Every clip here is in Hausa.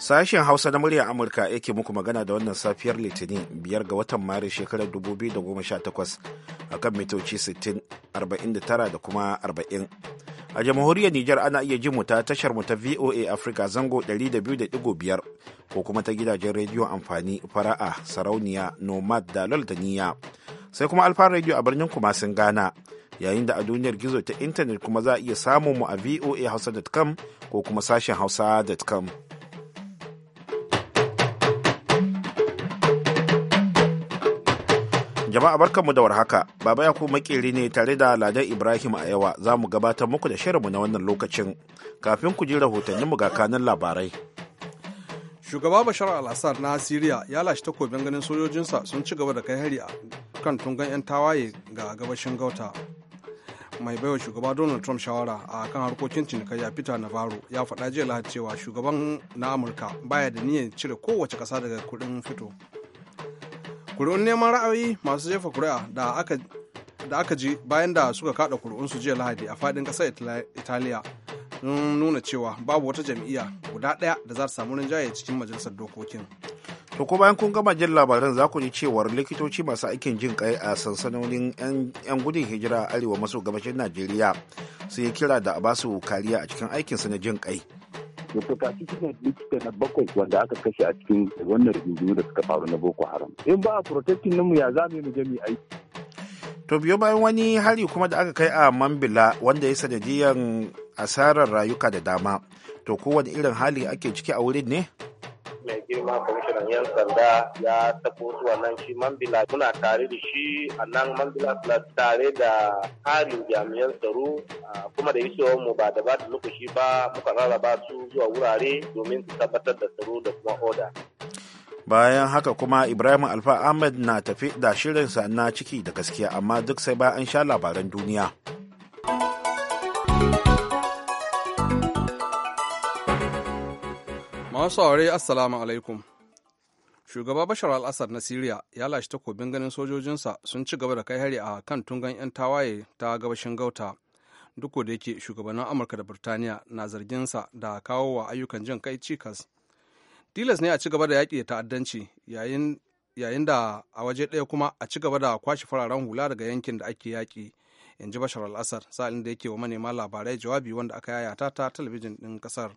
Sashen Hausa na muryar Amurka yake muku magana da wannan safiyar Litinin biyar ga watan Maris shekarar 2018 a kan mitoci sittin arba'in da kuma 40. A jamhuriyar Nijar ana iya jin mu ta tashar mu ta VOA Africa zango 200.5 ko kuma ta gidajen rediyo amfani fara'a sarauniya nomad da laldaniya sai kuma alfa rediyo a birnin kuma sun gana yayin da a duniyar gizo ta intanet kuma za a iya samun mu a voa hausa.com ko kuma sashen hausa.com Jama'a barkanmu da warhaka, Baba yaku makeri ne tare da Ladan Ibrahim a yawa za mu gabatar muku da shirinmu na wannan lokacin kafin ku ji rahotanninmu ga kanan labarai. Shugaba Bashar al-Assad na Siriya ya lashe takobin ganin sojojinsa sun ci gaba da kai hari a kan tungan 'yan tawaye ga gabashin Gauta. Mai baiwa shugaba Donald Trump shawara a kan harkokin cinikayya Peter Navarro ya faɗa jiya Lahadi cewa shugaban na Amurka baya da niyyar cire kowace ƙasa daga kuɗin fito. kuri'un neman ra'ayi masu jefa kuri'a da aka da ji bayan da suka kada kuri'unsu jiya lahadi a fadin kasar italiya sun nuna cewa babu wata jam'iyya guda daya da za ta samu rinjaye cikin majalisar dokokin to ko bayan kun gama jin labaran za ku ji cewar likitoci masu aikin jin kai a sansanonin 'yan gudun hijira a arewa maso gabashin najeriya sun yi kira da a basu kariya a cikin aikinsu na jin kai Dr. Kashi ne likita na bakwai wanda aka kashe a cikin wannan rigingimu da suka faru na Boko Haram. In ba a protecting namu ya za mu je mu aiki. To biyo bayan wani hari kuma da aka kai a Mambila wanda ya sanadiyar asarar rayuka da dama. To kowane irin hali ake ciki a wurin ne? mai girma kwamishinan yan sanda ya tafi wasu nan shi mambila muna tare da shi a nan mambila plus tare da harin jami'an tsaro kuma da isowar mu ba da ba da lokaci ba muka rarraba su zuwa wurare domin su tabbatar da tsaro da kuma oda. bayan haka kuma ibrahim alfa ahmed na tafi da shirinsa na ciki da gaskiya amma duk sai bayan an sha labaran duniya. Masu aure Assalamu alaikum. Shugaba Bashar al-Assad na Siriya ya lashe takobin ganin sojojinsa sun ci gaba da kai hari a kan tungan 'yan tawaye ta gabashin Gauta. Duk da yake shugabannin Amurka da birtaniya na zarginsa da kawo wa ayyukan jin kai cikas. Tilas ne a ci gaba da yaƙi da ta'addanci yayin da a waje ɗaya kuma a ci gaba da kwashe fararen hula daga yankin da ake yaƙi in ji bashar al-assad sa'ilin da yake wa manema labarai jawabi wanda aka yayata ta talabijin ɗin kasar.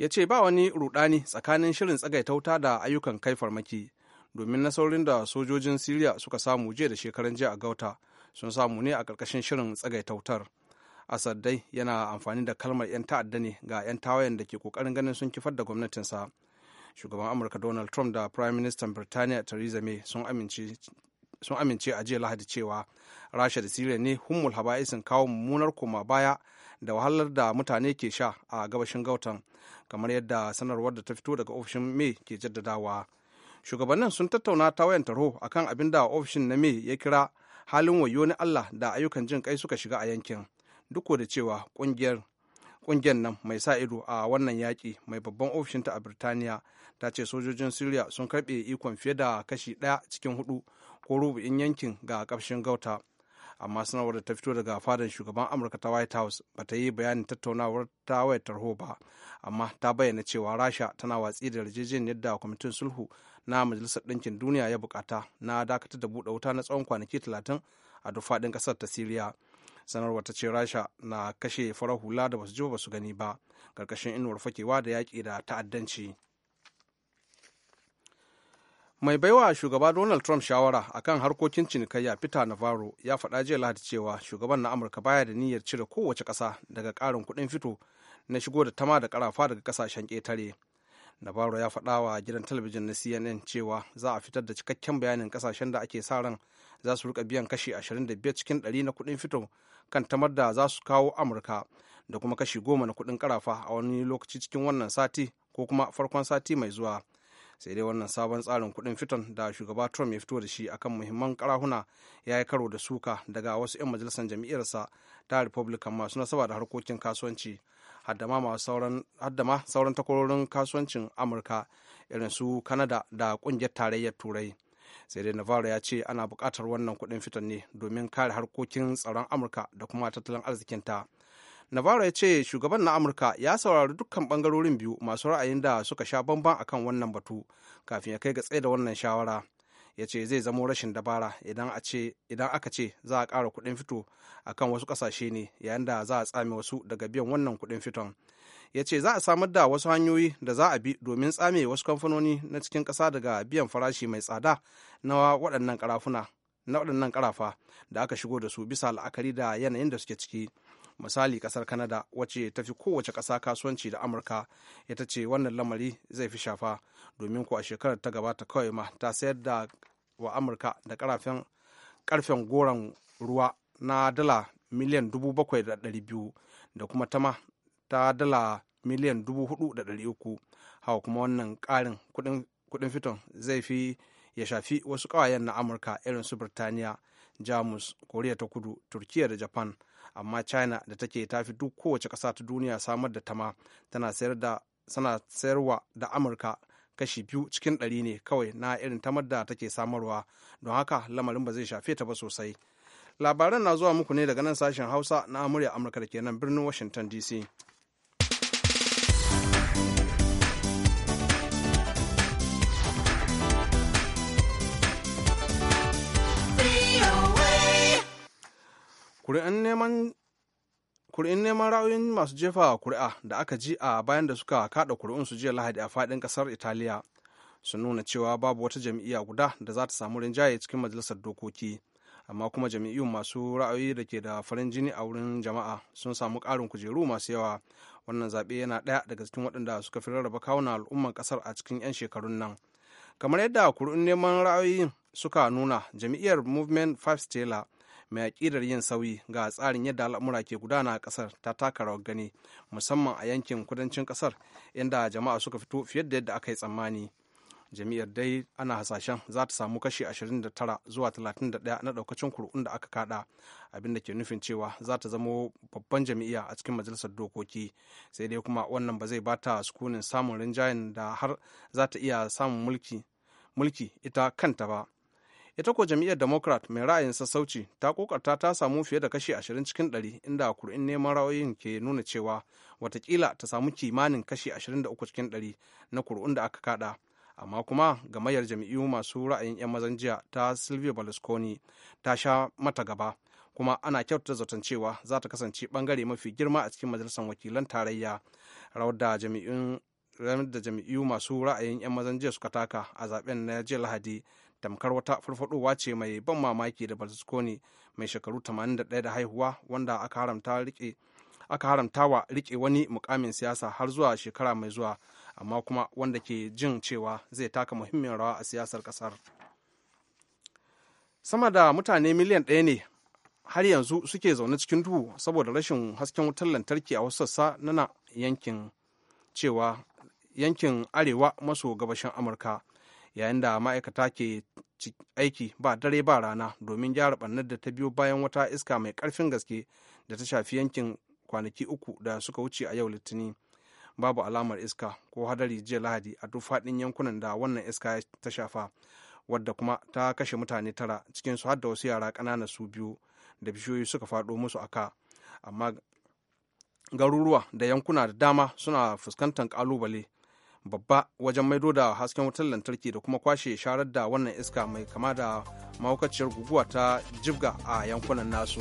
ya ce ba wani rudani tsakanin shirin tsagaita wuta da ayyukan kai farmaki domin nasarorin da sojojin siriya suka samu jiya da shekaran jiya a gauta sun samu ne a ƙarƙashin shirin tsagaita wutar asad dai yana amfani da kalmar 'yan ta'adda ne ga 'yan tawayen da ke kokarin ganin sun kifar da gwamnatinsa shugaban amurka donald trump da prime minister birtaniya theresa may sun amince a jiya lahadi cewa rasha da siriya ne hummul sun kawo mummunar koma baya da wahalar da mutane ke sha a gabashin gautan kamar yadda sanarwar da ta fito daga ofishin may ke jaddadawa shugabannin sun tattauna ta wayan taro akan abin da ofishin na may ya kira halin wayo na allah da ayyukan jin kai suka shiga a yankin duk da cewa kungiyar kungiyar nan mai sa ido a wannan yaƙi mai babban ofishinta a birtaniya ta ce sojojin syria sun karɓe ikon fiye da kashi ɗaya cikin hudu ko rubu'in yankin ga ƙarshen gauta amma sanarwar da ta fito daga fadar shugaban amurka ta white house ba ta yi bayanin tattaunawar ta wayar tarho ba amma ta bayyana cewa rasha tana watsi da yarjejeniyar yadda kwamitin sulhu na majalisar ɗinkin duniya ya bukata na dakatar da buɗe wuta na tsawon kwanaki talatin a duk faɗin ƙasar ta siriya sanarwar ta ce rasha na kashe farar hula da basu ji ba su gani ba ƙarƙashin inuwar fakewa da yaƙi da ta'addanci. mai baiwa shugaba donald trump shawara a kan harkokin cinikayya peter navarro ya faɗa jiya lahadi cewa shugaban na amurka baya da niyyar cire kowace ƙasa daga ƙarin kuɗin fito na shigo da tama da ƙarafa daga ƙasashen ƙetare navarro ya faɗa wa gidan talabijin na cnn cewa za a fitar da cikakken bayanin ƙasashen da ake sa ran za su rika biyan kashi ashirin 25 cikin 100 na kuɗin fito kan tamar da za su kawo amurka da kuma kashi goma na kuɗin ƙarafa a wani lokaci cikin wannan sati ko kuma farkon sati mai zuwa. sai dai wannan sabon tsarin kuɗin fitan da shugaba trump ya fito da shi akan muhimman karahuna ya yi karo da suka daga wasu 'yan majalisar jam'iyyarsa ta republican masu nasaba da harkokin kasuwanci haddama sauran takwarorin kasuwancin amurka irin su kanada da kungiyar tarayyar turai sai dai navarro ya ce ana bukatar wannan kuɗin fitan ne domin kare harkokin tsaron amurka da kuma tattalin arzikinta. ta navarro ya ce shugaban na amurka ya saurari dukkan bangarorin biyu masu ra'ayin da suka sha bamban akan wannan batu kafin ya kai ga tsaye da wannan shawara ya ce zai zamo rashin dabara idan aka ce za a ƙara kuɗin fito a kan wasu ƙasashe ne yayin da za a tsame wasu daga biyan wannan kuɗin fiton ya ce za a samar da wasu hanyoyi da za a bi domin tsame wasu kamfanoni na cikin ƙasa daga biyan farashi mai tsada na waɗannan karafuna na waɗannan ƙarafa da aka shigo da su bisa la'akari da yanayin da suke ciki misali kasar kanada wacce ta fi kowace ƙasa kasuwanci da amurka ita ce wannan lamari zai fi shafa domin ko a shekarar ta gabata kawai ma ta sayar da wa amurka da karfen goron ruwa na dala miliyan dubu bakwai da ɗari biyu da kuma tama ta dala miliyan dubu hudu da ɗari uku hawa kuma wannan ƙarin kuɗin fiton zai fi ya shafi wasu ƙawayen na amurka irin su birtaniya jamus koriya ta kudu turkiya da japan amma china da take tafi duk kowace ƙasa ta duniya samar da tama tana sayar da sana sayarwa da amurka kashi biyu cikin ɗari ne kawai na irin tamar da take samarwa don haka lamarin ba zai shafe ta ba sosai labaran na zuwa muku ne daga nan sashen hausa na amurya amurka da ke nan birnin washington dc kuri'un neman ra'ayoyin masu jefa kuri'a da aka ji a bayan da suka kada su jiya lahadi a fadin kasar italiya su nuna cewa babu wata jam'iyya guda da za ta samu rinjaye cikin majalisar dokoki amma kuma jam'iyyun masu ra'ayoyi da ke da farin jini a wurin jama'a sun samu ƙarin kujeru masu yawa wannan zaɓe yana ɗaya daga cikin waɗanda suka fi rarraba kawunan al'umman ƙasar a cikin 'yan shekarun nan kamar yadda kuri'un neman ra'ayoyin suka nuna jam'iyyar movement five stella mai aƙidar yin sauyi ga tsarin yadda al'amura ke gudana a ƙasar ta taka rawar gani musamman a yankin kudancin ƙasar inda jama'a suka fito fiye da yadda aka yi tsammani jami'ar dai ana hasashen za ta samu kashi 29 zuwa 31 na daukacin kuri'un da aka kada abinda ke nufin cewa za ta zama babban jami'a a cikin majalisar dokoki sai dai kuma wannan ba zai bata sukunin samun rinjayen da har za ta iya samun mulki ita kanta ba ita ko jam'iyyar democrat mai ra'ayin sassauci ta kokarta ta samu fiye da kashi 20 cikin 100 inda kur'in neman ra'ayoyin ke nuna cewa watakila ta samu kimanin kashi 23 cikin 100 na kuri'un da aka kada amma kuma gamayyar jam'iyyu masu ra'ayin 'yan mazan jiya ta silvio berlusconi ta sha mata gaba kuma ana kyautata zaton cewa za ta kasance bangare mafi girma a cikin majalisar wakilan tarayya rawar da jami'un da jami'u masu ra'ayin 'yan mazan jiya suka taka a zaben na jiya lahadi tamkar wata farfadowa ce mai ban mamaki da berlusconi mai shekaru 81 da haihuwa wanda aka haramta rike aka haramta wa rike wani mukamin siyasa har zuwa shekara mai zuwa amma kuma wanda ke jin cewa zai taka muhimmin rawa a siyasar kasar sama da mutane miliyan ɗaya ne har yanzu suke zaune cikin duhu saboda rashin hasken wutar lantarki a wasu sassa na yankin cewa yankin arewa maso gabashin amurka yayin da ma'aikata ke aiki ba dare ba rana domin gyara ɓannar da ta biyo bayan wata iska mai karfin gaske da ta shafi yankin kwanaki uku da suka wuce a yau litinin babu alamar iska ko hadari jiya lahadi a duk faɗin yankunan da wannan iska ta shafa wadda kuma ta kashe mutane tara cikin su har da wasu yara ƙanana su biyu da bishiyoyi suka faɗo musu aka amma garuruwa da yankuna da dama suna fuskantar ƙalubale babba wajen maido da hasken wutar lantarki da kuma kwashe sharar da wannan iska mai kama da mahaukaciyar guguwa ta jibga a yankunan nasu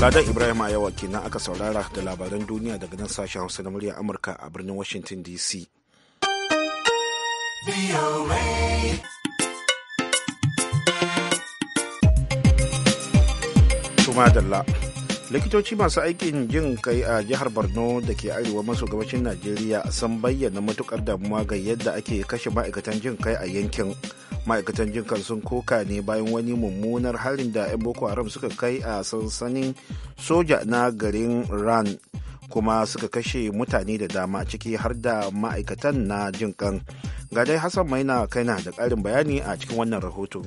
Ladan Ibrahim yawa kenan aka saurara da labaran duniya daga nan sashen Hausa na muryar Amurka a birnin Washington DC. Tumadalla. likitoci masu aikin jin kai a jihar borno da ke arewa maso gabashin najeriya sun bayyana matukar damuwa ga yadda ake kashe ma'aikatan jin kai a yankin ma'aikatan jin kan sun koka ne bayan wani mummunar harin da 'yan boko haram suka kai a sansanin soja na garin ran kuma suka kashe mutane da dama ciki har da ma'aikatan na jin kan ga dai hassan maina kaina da ƙarin bayani a cikin wannan rahoton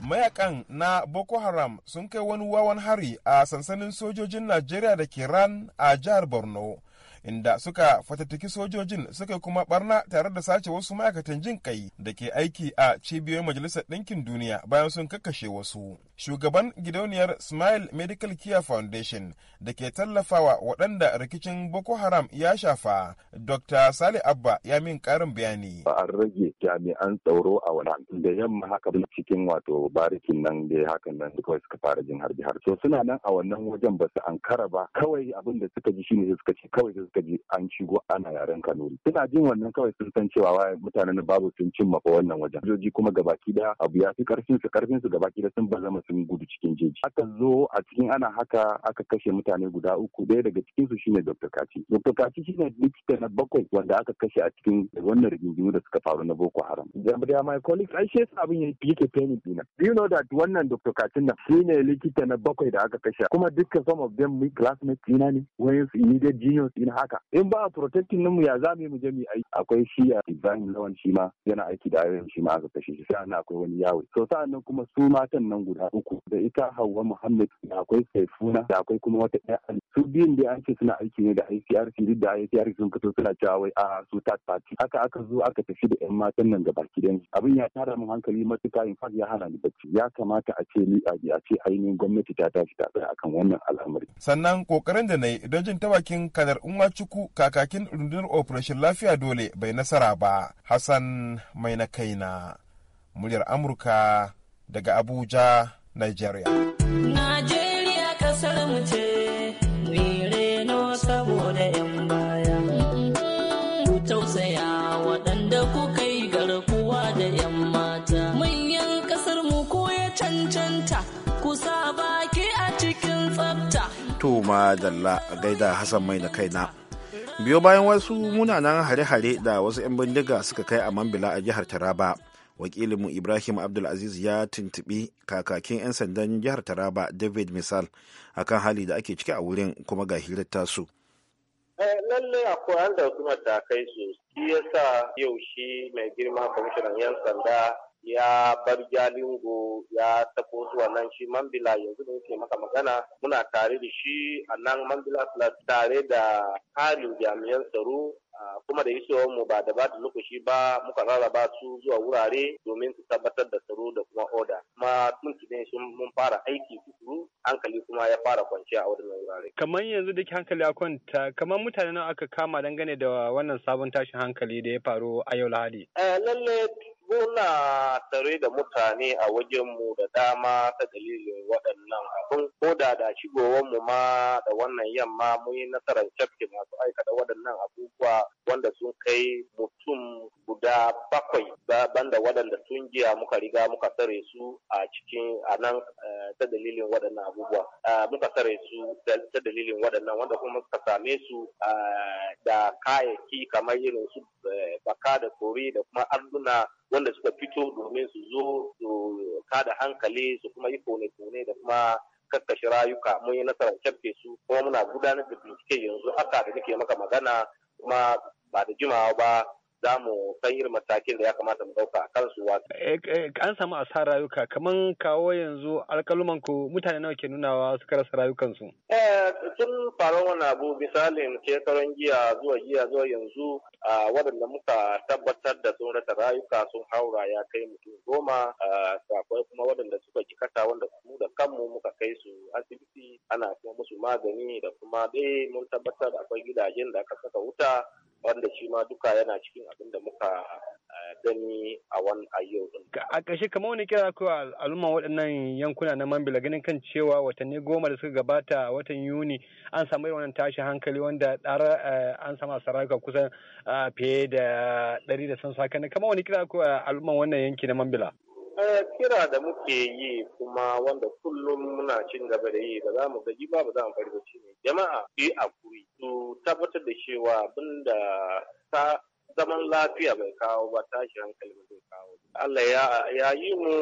mayakan na boko haram sun kai wani wawan hari a sansanin sojojin najeriya da ke ran a jihar borno inda suka fatattaki sojojin suka kuma barna tare da sace wasu ma'aikatan jin kai da ke aiki a cibiyoyin majalisar ɗinkin duniya bayan sun kakkashe wasu shugaban gidauniyar smile medical care foundation da ke tallafawa waɗanda rikicin boko haram ya shafa dr sale abba ya min ƙarin bayani an rage jami'an tsaro a wani da yamma haka cikin wato barikin nan da hakan nan suka fara jin harbi har so suna nan a wannan wajen ba su ankara ba kawai abin da suka ji shine suka ce kawai suka ji an shigo ana yaren kanuri suna jin wannan kawai sun san cewa wai mutanen babu sun cimma fa wannan wajen joji kuma gabaki daya abu ya fi karfin su karfin su gabaki daya sun bazama sun gudu cikin jeji aka zo a cikin ana haka aka kashe mutane guda uku Daya daga cikin su shine dr kaci dr kaci shine likita na bakwai wanda aka kashe a cikin wannan rigingimu da suka faru na boko haram da my colleagues ai shi abin yake peni dina do you know that wannan dr kaci na shine likita na bakwai da aka kashe kuma dukkan some of them classmates ina ne wayansu immediate genius ina haka in ba a protecting mu ya zame mu je mu aiki akwai shi a Ibrahim Lawan shi ma yana aiki da ayoyin shi ma aka kashe shi sa'an akwai wani yawo to sa'an kuma su matan nan guda uku da ita Hauwa Muhammad da akwai Saifuna da akwai kuma wata ɗaya su biyun da an suna aiki ne da ICRC duk da ICRC sun fito suna cewa wai a su tat party haka aka zo aka tafi da yan matan nan gaba kidan abin ya tara mun hankali matuka in fact ya hana ni bacci ya kamata a ce ni a ce ainihin gwamnati ta tashi ta tsaya akan wannan al'amari sannan kokarin da na yi don jin tabakin kadar Ciku kakakin rundunar Operation Lafiya Dole bai nasara ba. Hassan mai na kaina, muryar Amurka daga Abuja, Nigeria. kuma dalla gaida hassan mai da kaina biyo bayan wasu munanan hare-hare da wasu 'yan bindiga suka kai a mambila a jihar taraba wakilinmu ibrahim abdulaziz ya tuntubi kakakin 'yan sandan jihar taraba david misal akan hali da ake ciki a wurin kuma ga hirar tasu eh, lallai akwai an da su matakai su shi yasa yau shi mai girma kwamishinan 'yan sanda ya bar jalingo ya tako zuwa nan shi mambila yanzu da yake maka magana muna tare da shi a nan mambila plus tare da harin jami'an tsaro kuma da isowar mu ba da ba da lokaci ba muka rarraba su zuwa wurare domin su tabbatar da tsaro da kuma oda kuma tun sun mun fara aiki tukuru hankali kuma ya fara kwanciya a wadannan wurare kamar yanzu duk hankali a kwanta kamar mutane nawa aka kama dangane da wannan sabon tashin hankali da ya faru a yau lahadi eh lalle muna tare da mutane a wajenmu da dama ta dalilin waɗannan abin ko da da shigowanmu ma da wannan yamma mun yi nasarar cafke masu aikata waɗannan abubuwa wanda sun kai mutum guda bakwai banda waɗanda sun jiya muka riga muka tsare su a cikin a nan eh, ta dalilin waɗannan abubuwa eh, muka tsare su ta dalilin waɗannan wanda kuma suka same su eh, da kayayyaki kamar irin su baka da kori da kuma arduna wanda suka fito domin su zo su kada hankali su kuma yi kone-kone da kuma kakkashi rayuka mun yi nasarar cafke su kuma muna gudanar da bincike yanzu aka da nake maka magana kuma ba da jimawa ba za mu san irin matakin da ya kamata mu ɗauka a kansu wato. Eh, eh, an samu asarar rayuka kaman kawo yanzu alkaluman ku mutane nawa ke nunawa suka rasa rayukansu. Tun eh, faruwar wani abu misalin shekaran giya zuwa giya zuwa yanzu waɗanda muka tabbatar da sun rasa rayuka sun haura ya kai mutum goma akwai kuma waɗanda suka kasa wanda mu da kanmu muka kai su asibiti ana kuma musu magani da kuma dai mun tabbatar akwai gidajen da aka saka wuta wanda shi ma duka yana cikin abin da muka gani a wani ayyau din. A ƙarshe kamar wani kira ko al'umma waɗannan yankuna na Mambila ganin kan cewa watanni goma da suka gabata a watan Yuni an samu irin wannan tashi hankali wanda ɗara an samu saraka kusan fiye da ɗari da sun sakana kamar wani kira ko al'umma wannan yanki na Mambila. Eh, kira da muke yi kuma wanda kullum muna cin gaba da yi da za mu gaji ba ba za mu bari ba ne jama'a a kuri, su tabbatar da cewa abinda ta zaman lafiya bai kawo ba tashi hankali ba zai kawo Allah ya yi mu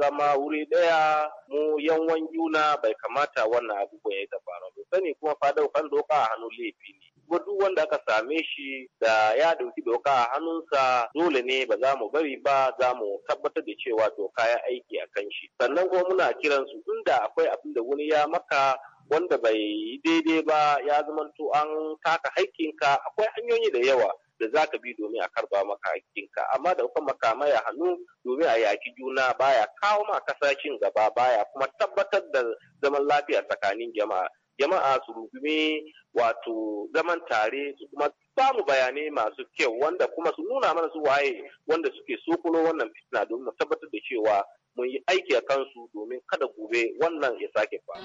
zama wuri daya mu yanwan juna bai kamata wannan abubuwan ya faru ba sani kuma fadau kan doka a hannun laifi ne kuma duk wanda aka same shi da ya dauki doka a hannunsa dole ne ba za mu bari ba za mu tabbatar da cewa doka ya aiki a kan shi sannan kuma muna kiran su inda akwai abin da wani ya maka wanda bai yi daidai ba ya zamanto an taka haƙƙinka akwai hanyoyi da yawa da za ka bi domin a karba maka haƙƙinka amma da kuma makamai a hannu domin a yaki juna baya kawo ma kasa cin gaba baya kuma tabbatar da zaman lafiya tsakanin jama'a jama'a su rungumi wato zaman tare su kuma samu bayanai masu kyau wanda kuma su nuna mana su waye wanda suke sokolo wannan fitina domin tabbatar da cewa mun yi aiki a kansu domin kada gobe wannan ya sake fa.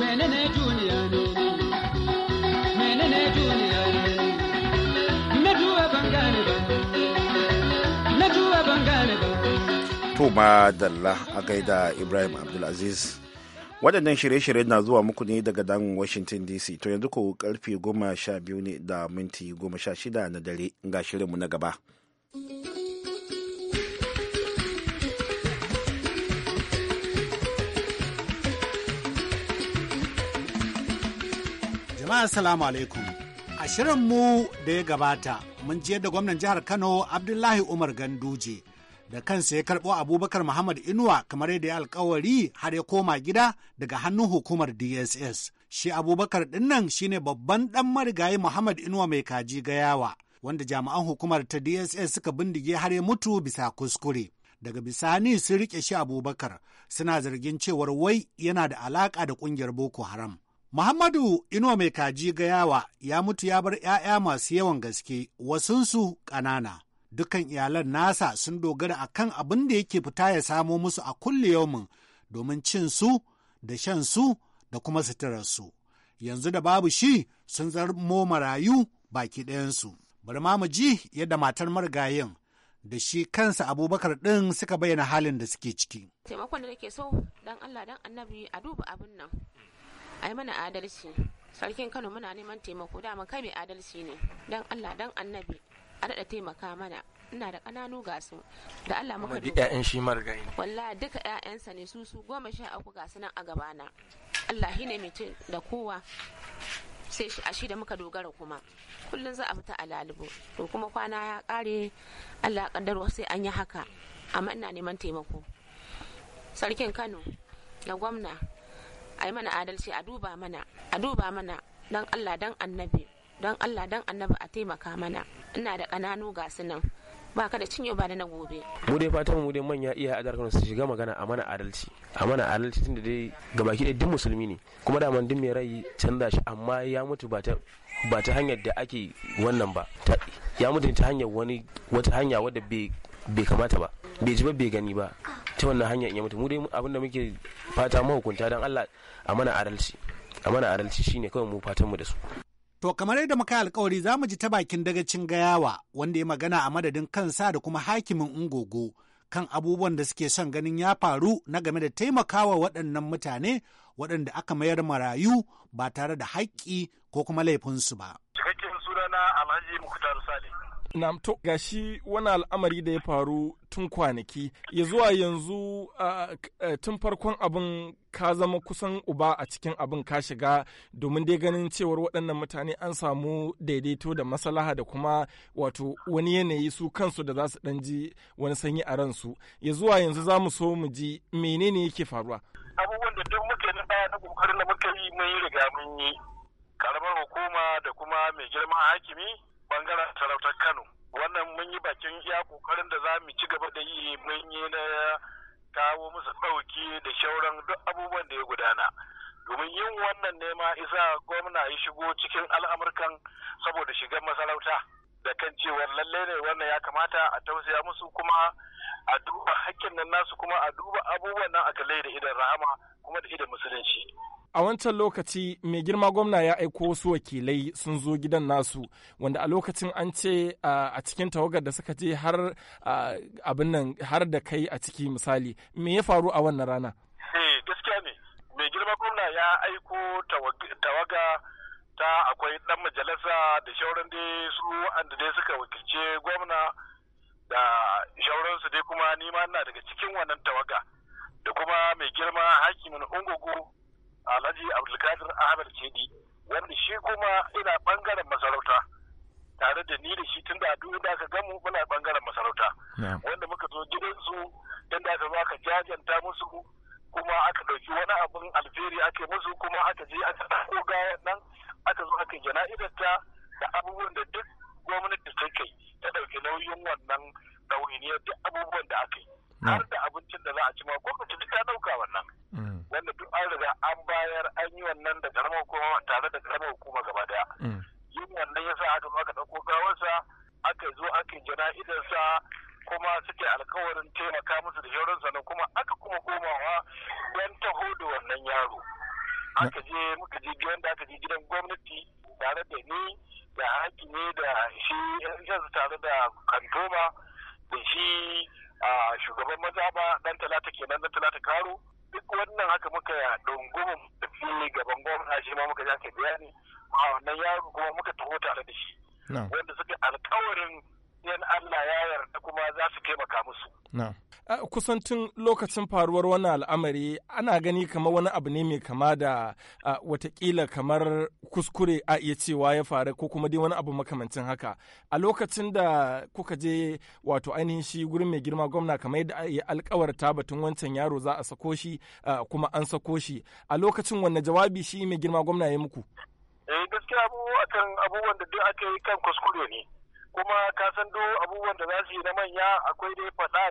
menene duniya ne? To madalla a gaida Ibrahim Abdulaziz. Waɗannan shirye shiryen na zuwa muku ne daga dan Washington DC. To yanzu ko karfe goma sha biyu ne da minti goma sha shida na dare ga shirinmu na gaba. Jama'a salamu alaikum. A shirinmu da ya gabata, mun je da gwamnan jihar Kano Abdullahi Umar Ganduje. da kansa ya karɓo abubakar muhammad inuwa kamar yadda ya alkawari har ya koma gida daga hannun hukumar dss shi abubakar ɗinnan shine babban ɗan marigayi muhammad inuwa mai kaji gayawa wanda jami'an hukumar ta dss suka bindige har ya mutu bisa kuskure daga bisani sun rike shi abubakar suna zargin cewar wai yana da alaka da kungiyar boko haram muhammadu inuwa mai kaji gayawa ya mutu ya bar 'ya'ya masu yawan gaske wasunsu ƙanana dukan iyalan nasa sun dogara a kan abin da yake fita ya samo musu a kulle yaumin domin cin su da shan su da kuma suturarsu. Yanzu da babu shi sun zarmo marayu baki ɗayansu. Bari ma mu ji yadda matar marigayin da shi kansa abubakar ɗin suka bayyana halin da suke ciki. Taimakon da nake so dan Allah dan annabi a duba abin nan. A mana adalci. Sarkin Kano muna neman taimako dama kai mai adalci ne. Dan Allah dan annabi a daɗa taimaka mana ina da ƙananu ga su da Allah muka duk ya'yan shi margayi wallahi duka ƴaƴansa ne su su goma sha uku ga su nan a gabana Allah ne mai da kowa sai shi a shi da muka dogara kuma kullum za a fita a lalubo to kuma kwana ya ƙare Allah kaddarwa sai an yi haka amma ina neman taimako sarkin Kano da gwamna a mana adalci a duba mana a duba mana dan Allah dan annabi don allah don annabi a taimaka mana ina da ƙananu ga su nan ba ka da cinye ba da na gobe. mu dai fatan mu dai manya iya a Kano su shiga magana a mana adalci a mana adalci tun da dai gabaki ɗaya duk musulmi ne kuma da man duk mai rai canza shi amma ya mutu ba ta ba ta hanyar da ake wannan ba ya mutu ta hanyar wani wata hanya wadda bai kamata ba bai ji ba bai gani ba ta wannan hanyar in ya mutu mu dai abinda muke fata mahukunta don Allah a mana adalci a mana adalci shine kawai mu fatan mu da su To kamar yadda muka alkawari za mu ji ta bakin dagacin gayawa wanda ya magana a madadin kansa da kuma hakimin ungogo kan abubuwan da suke son ganin ya faru na game da taimakawa waɗannan mutane waɗanda aka mayar marayu ba tare da haƙƙi ko kuma laifinsu ba. Cikakken sunana Alhaji Mukhtar Sale. namto ga shi wani al'amari da ya faru tun kwanaki ya zuwa yanzu tun farkon abin ka zama kusan uba a cikin abin ka shiga domin dai ganin cewar waɗannan mutane an samu daidaito da masalaha da kuma wato wani yanayi su kansu da za su ɗan ji wani sanyi a ransu ya zuwa yanzu za mu so mu ji menene yake faruwa abubuwan da duk muke na baya na ƙoƙarin da muka yi mun yi riga mun yi karamar hukuma da kuma mai girma hakimi bangaren sarautar Kano. Wannan mun yi bakin iya kokarin da za mu ci gaba da yi mun yi na kawo musu ɗauki da shauran duk abubuwan da ya gudana. Domin yin wannan nema isa gwamna ya shigo cikin al'amurkan saboda shigar masarauta da kan cewa lalle ne wannan ya kamata a tausaya musu kuma a duba hakkin nan nasu kuma a duba abubuwan nan a kalle da idan rahama kuma da idan musulunci. a wancan lokaci mai girma gwamna ya aiko wasu wakilai sun zo gidan nasu wanda a lokacin an ce a cikin tawagar da suka je har abin nan har da kai a ciki misali me ya faru a wannan rana eh, gaskiya ne mai girma gwamna ya aiko tawaga ta akwai dan majalisa da shauran dai su anda dai suka wakilce gwamna da shauransu dai kuma nima na daga cikin wannan tawaga da kuma mai girma hakimin ungugu alhaji abdulkadir ahmed cedi wanda shi kuma ina bangaren masarauta tare da ni da shi tun da duk da aka gamu muna bangaren masarauta wanda muka zo gidansu inda da za ka jajanta musu kuma aka ɗauki wani abin alferi ake musu kuma aka je aka ɗauko gayan nan aka zo aka ta da abubuwan da duk gwamnati ta kai ta ɗauki nauyin wannan ɗawainiyar duk abubuwan da aka yi har da abincin da za a ci ma gwamnati ƙauyen nan da karamar hukuma tare da karamar hukuma gaba daya mm. yin wannan yasa aka aka ɗauko gawarsa aka zo aka jana'izarsa kuma suke alkawarin tare da shi wanda suka alkawarin yan Allah ya yarda kuma za su taimaka musu. Kusantin lokacin faruwar wani al'amari ana gani kama wani abu ne mai kama da watakila kamar kuskure a iya cewa ya faru ko kuma dai wani abu makamancin haka. A lokacin da kuka je wato ainihin shi gurin mai girma gwamna kamar yadda ya alkawarta batun wancan yaro za a sako shi kuma an sako shi. A lokacin wanne jawabi shi mai girma gwamna ya muku? eh gaskiya abubuwa kan abubuwan da duk aka yi kan kuskure ne kuma ka san do abubuwan da za su yi na manya akwai dai faɗa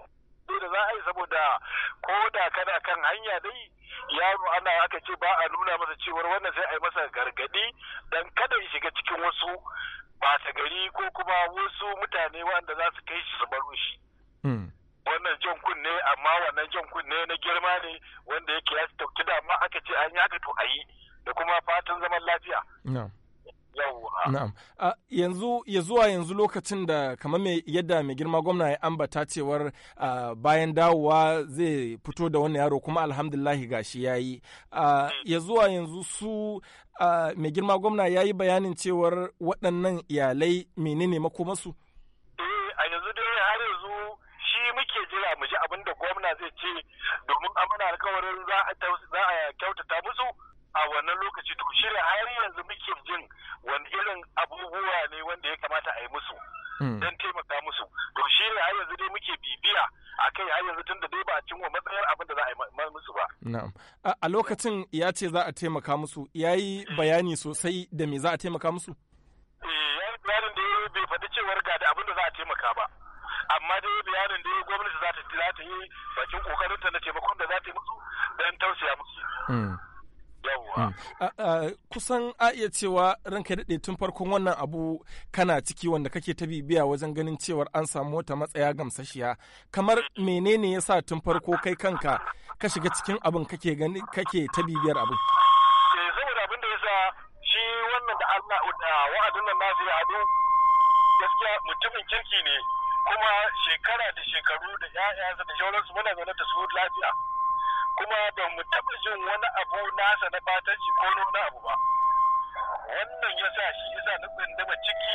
da za a yi saboda ko da kana kan hanya dai yaro ana aka ce ba a nuna masa cewar wannan sai a yi masa gargadi dan kada ya shiga cikin wasu bata gari ko kuma wasu mutane wanda za su kai shi su baro shi. Hmm. Wannan jan kunne amma wannan jan kunne na girma ne wanda yake ya dauki dama aka ce an yi haka to a yi. da kuma fatan zaman lafiya. Na'am. yanzu ya zuwa yanzu lokacin da kamar yadda mai girma gwamna ya ambata cewar bayan dawowa zai fito da wani yaro kuma alhamdulahi gashi ya yi. ya zuwa yanzu su mai girma gwamna ya yi bayanin cewar waɗannan iyalai menene makomasu? Eh, a yanzu dai har yanzu shi muke jira mu ji abin da gwamna zai ce domin amana alkawarin za a kyautata musu. a wannan lokaci to shi har yanzu muke jin wani irin abubuwa ne wanda ya kamata a yi musu hmm. don taimaka musu to shi ne har yanzu dai muke bibiya a kai har yanzu tunda dai ba a cinwa matsayar abin da za a yi musu ba. Na'am. A lokacin ya ce za a taimaka musu ya yi bayani sosai da me za a taimaka musu? Eh, bayanin da bai faɗi cewar ga da abin da za a taimaka ba. Amma dai bayanin da gwamnati za ta yi bakin ƙoƙarinta na taimakon da za ta yi musu don tausaya musu. Hmm. Mm. Kusan a iya cewa ranka daɗe tun farkon wannan abu kana ciki wanda kake ta bibiya wajen ganin cewar an samu wata matsaya gamsashiya. Kamar menene ya sa tun farko kai kanka ka shiga cikin abin kake gani kake ta bibiyar abin. Eh, saboda abin da ya sa shi wannan da Allah wa'adin nan nasu ya gaskiya mutumin kirki ne kuma shekara da shekaru da 'ya'ya da shauransu muna zaune da su lafiya. kuma ba mu taɓa jin wani abu nasa na batanci ko wani abu ba wannan ya sa shi yasa na tsindama ciki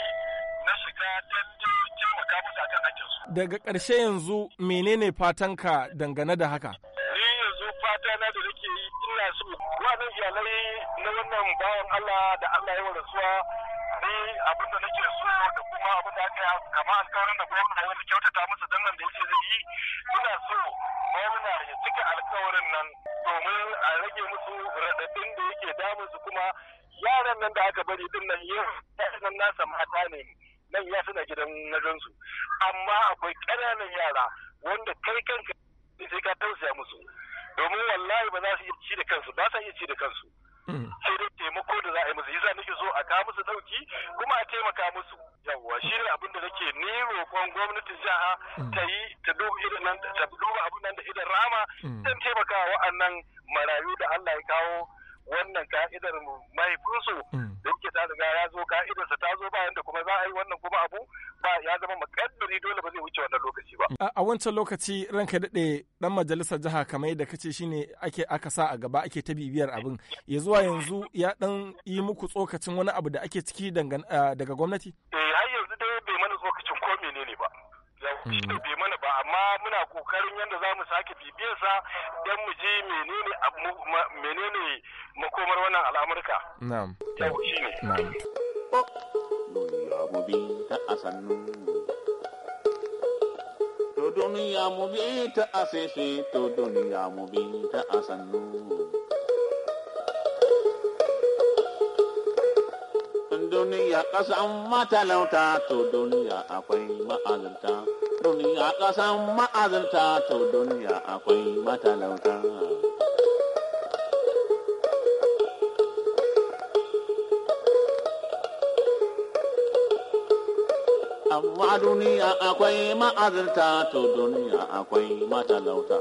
na shiga don taimaka musu akan hakkinsu. daga ƙarshe yanzu menene fatanka dangane da haka ni yanzu fata na da nake yi ina so wannan iyalai na wannan bawan Allah da Allah ya rasuwa? ni abin da nake so da kuma abin da aka kama alƙawarin da gwamna ya kyautata musu dangane da yake zai yi ina so gwamna ya cika alkawarin nan domin a rage musu raɗaɗin da yake damun su kuma yaran nan da aka bari din nan nan nasa mata ne nan ya suna gidan nazansu amma akwai ƙananan yara wanda kai kanka sai ka tausaya musu domin wallahi ba za su iya ci da kansu ba sa iya ci da kansu Mm. irin taimako da za a yi musu yasa nake zo a kawo musu dauki kuma a taimaka musu yawwa shi ne abin da nake ni roƙon gwamnatin jiha mm. ta yi ta duba irin nan ta duba abin nan da idan rama zan mm. taimaka wa'annan marayu da Allah ya kawo wannan ka'idar mahaifinsu mm. da yake ta riga ya zo ka'idarsa ta zo ba yanda kuma za a yi wannan kuma abu ba ya zama makaddari dole ba zai wuce wannan lokaci ba. A wancan lokaci ranka daɗe ɗan majalisar jiha kamar yadda kace shine ake aka sa a gaba ake ta bibiyar abin ya zuwa yanzu ya ɗan yi muku tsokacin wani abu da ake ciki daga gwamnati? Eh har yanzu dai bai mana tsokacin ko menene ba. kokarin yadda za mu sake bibiyarsa don mu ji menene menene makomar wannan al'amurka. Na'am. Yau shi ne. Na'am. Duniya mu bi ta asannu. To duniya mu bi ta asese to duniya mu bi ta asannu. Duniya ƙasan matalauta to duniya akwai ma'azarta. duniya ƙasan ma'azinta ta duniya akwai matalauta. Amma duniya akwai ma'azinta ta duniya akwai matalauta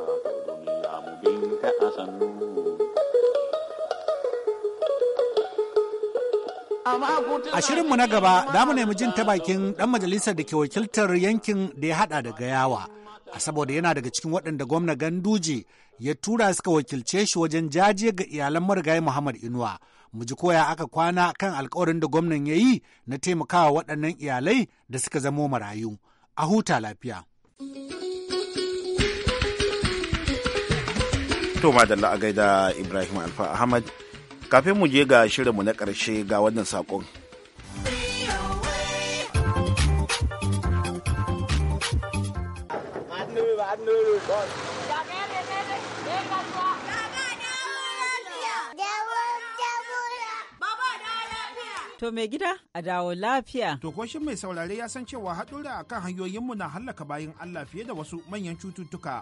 A shirinmu na gaba, za mu nemi jin ta bakin ɗan majalisar da ke wakiltar yankin da ya haɗa da gayawa. A saboda yana daga cikin waɗanda gwamna Ganduje ya tura suka wakilce shi wajen jaje ga iyalan marigayi Muhammad Inuwa. Mu ji koya aka kwana kan alkawarin da gwamnan ya yi na taimakawa waɗannan iyalai da suka zamo marayu. A huta lafiya. To madalla a gaida Ibrahim Alfa Ahmad kafin mu je ga shirinmu na ƙarshe ga wannan saƙon. To mai gida a dawo lafiya. To koshin mai saurare ya san cewa haɗura a kan hanyoyinmu na hallaka bayan Allah fiye da wasu manyan cututtuka.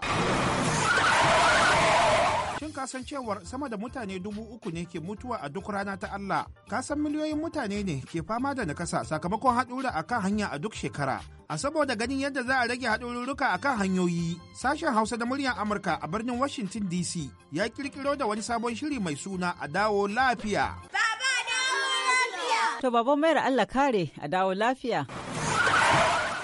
kasan san cewar sama da mutane dubu uku ne ke mutuwa a duk rana ta Allah. kasan miliyoyin mutane ne ke fama da nakasa sakamakon haɗura a kan hanya a duk shekara. A saboda ganin yadda za a rage haɗururruka a kan hanyoyi, sashen Hausa da muryar Amurka a birnin Washington DC ya ƙirƙiro da wani sabon shiri mai suna a dawo lafiya. Baba dawo lafiya! To baban mayar Allah kare a dawo lafiya.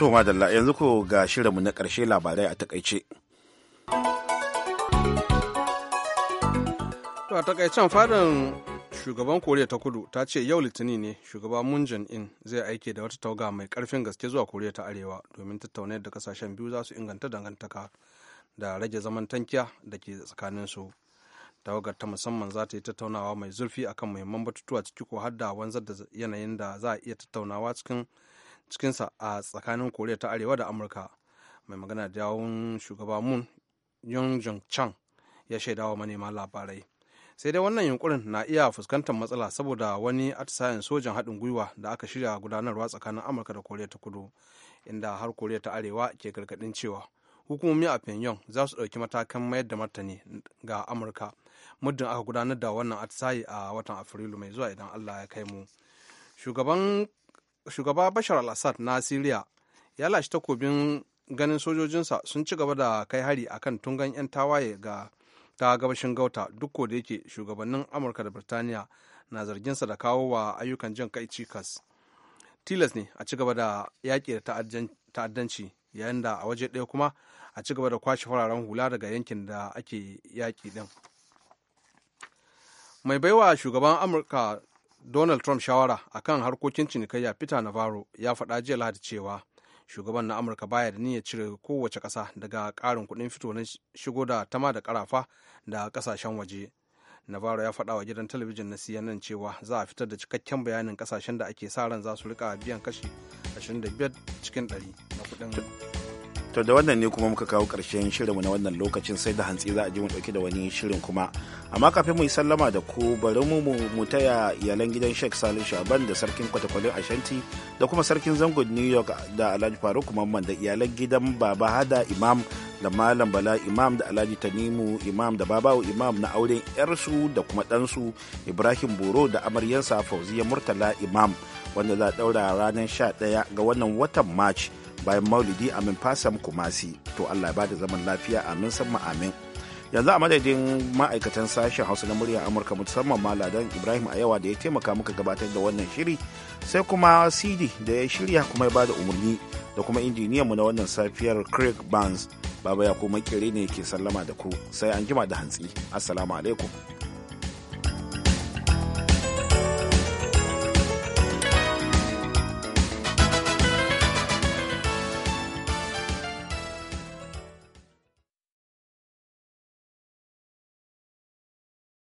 To madalla yanzu ko ga shirinmu na ƙarshe labarai a takaice. To a takaicen fadan shugaban Koriya ta Kudu ta ce yau litini ne shugaba Moon Jae-in zai aike da wata tauga mai karfin gaske zuwa Koriya ta Arewa domin tattauna da kasashen biyu za su inganta dangantaka da rage zaman tankiya da ke tsakanin su. Tawagar ta musamman za ta yi tattaunawa mai zurfi akan muhimman batutuwa ciki ko har da wanzar da yanayin da za a iya tattaunawa cikin cikinsa a tsakanin koriya ta arewa da amurka mai magana da yawon shugaba moon yong jong chang ya shaidawa manema labarai sai dai wannan yunkurin na iya fuskantar matsala saboda wani atisayen sojan haɗin gwiwa da aka shirya gudanarwa tsakanin amurka da koriya ta kudu inda har koriya ta arewa ke gargaɗin cewa hukumomi a pyongyang za su ɗauki matakan mayar da martani ga amurka muddin aka gudanar da wannan atisaye a watan afrilu mai zuwa idan allah ya kai mu shugaban shugaba bashar al-assad na siriya ya lashe takobin ganin sojojinsa sun ci gaba da kai hari a kan tungan 'yan tawaye ga ta gabashin gauta duk da yake shugabannin amurka da birtaniya na zarginsa da kawo wa ayyukan jin kai cikas tilas ne a ci gaba da yaƙi da ta'addanci yayin da a waje ɗaya kuma a ci gaba da kwashe fararen hula daga yankin da ake yaƙi din. mai baiwa shugaban amurka donald trump shawara a kan harkokin cinikayya peter navarro ya faɗa jiya lahadi cewa shugaban na amurka baya da niyyar cire kowace ƙasa daga ƙarin kuɗin fito na shigo da tama da ƙarafa da ƙasashen waje navarro ya faɗa wa gidan talabijin na cnn cewa za a fitar da cikakken bayanin ƙasashen da ake sa ran za su riƙa biyan kashi 25 cikin 100 na kuɗin to da wannan ne kuma muka kawo ƙarshen shirinmu na wannan lokacin sai da hantsi za a ji mu ɗauki da wani shirin kuma amma kafin mu yi sallama da ku bari mu mu taya iyalan gidan sheikh salim shaban da sarkin kwatakwalin ashanti da kuma sarkin zangon new york da alhaji faruk mamman da iyalan gidan baba hada imam da malam bala imam da alhaji tanimu imam da babawo imam na auren yarsu da kuma ɗansu ibrahim boro da amaryansa fauziya murtala imam wanda za a ɗaura ranar 11 ga wannan watan march bayan maulidi amin fasam kumasi to allah ba da zaman lafiya amin samma amin yanzu a madadin ma'aikatan sashen hausa na murya amurka musamman maladan ibrahim a yawa da ya taimaka muka gabatar da wannan shiri sai kuma cd da ya shirya kuma ya bada umarni da kuma injiniyan mu na wannan safiyar craig barnes baba ya kuma kere ne ke sallama da ku sai an jima da hantsi assalamu alaikum